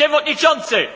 Przewodniczący!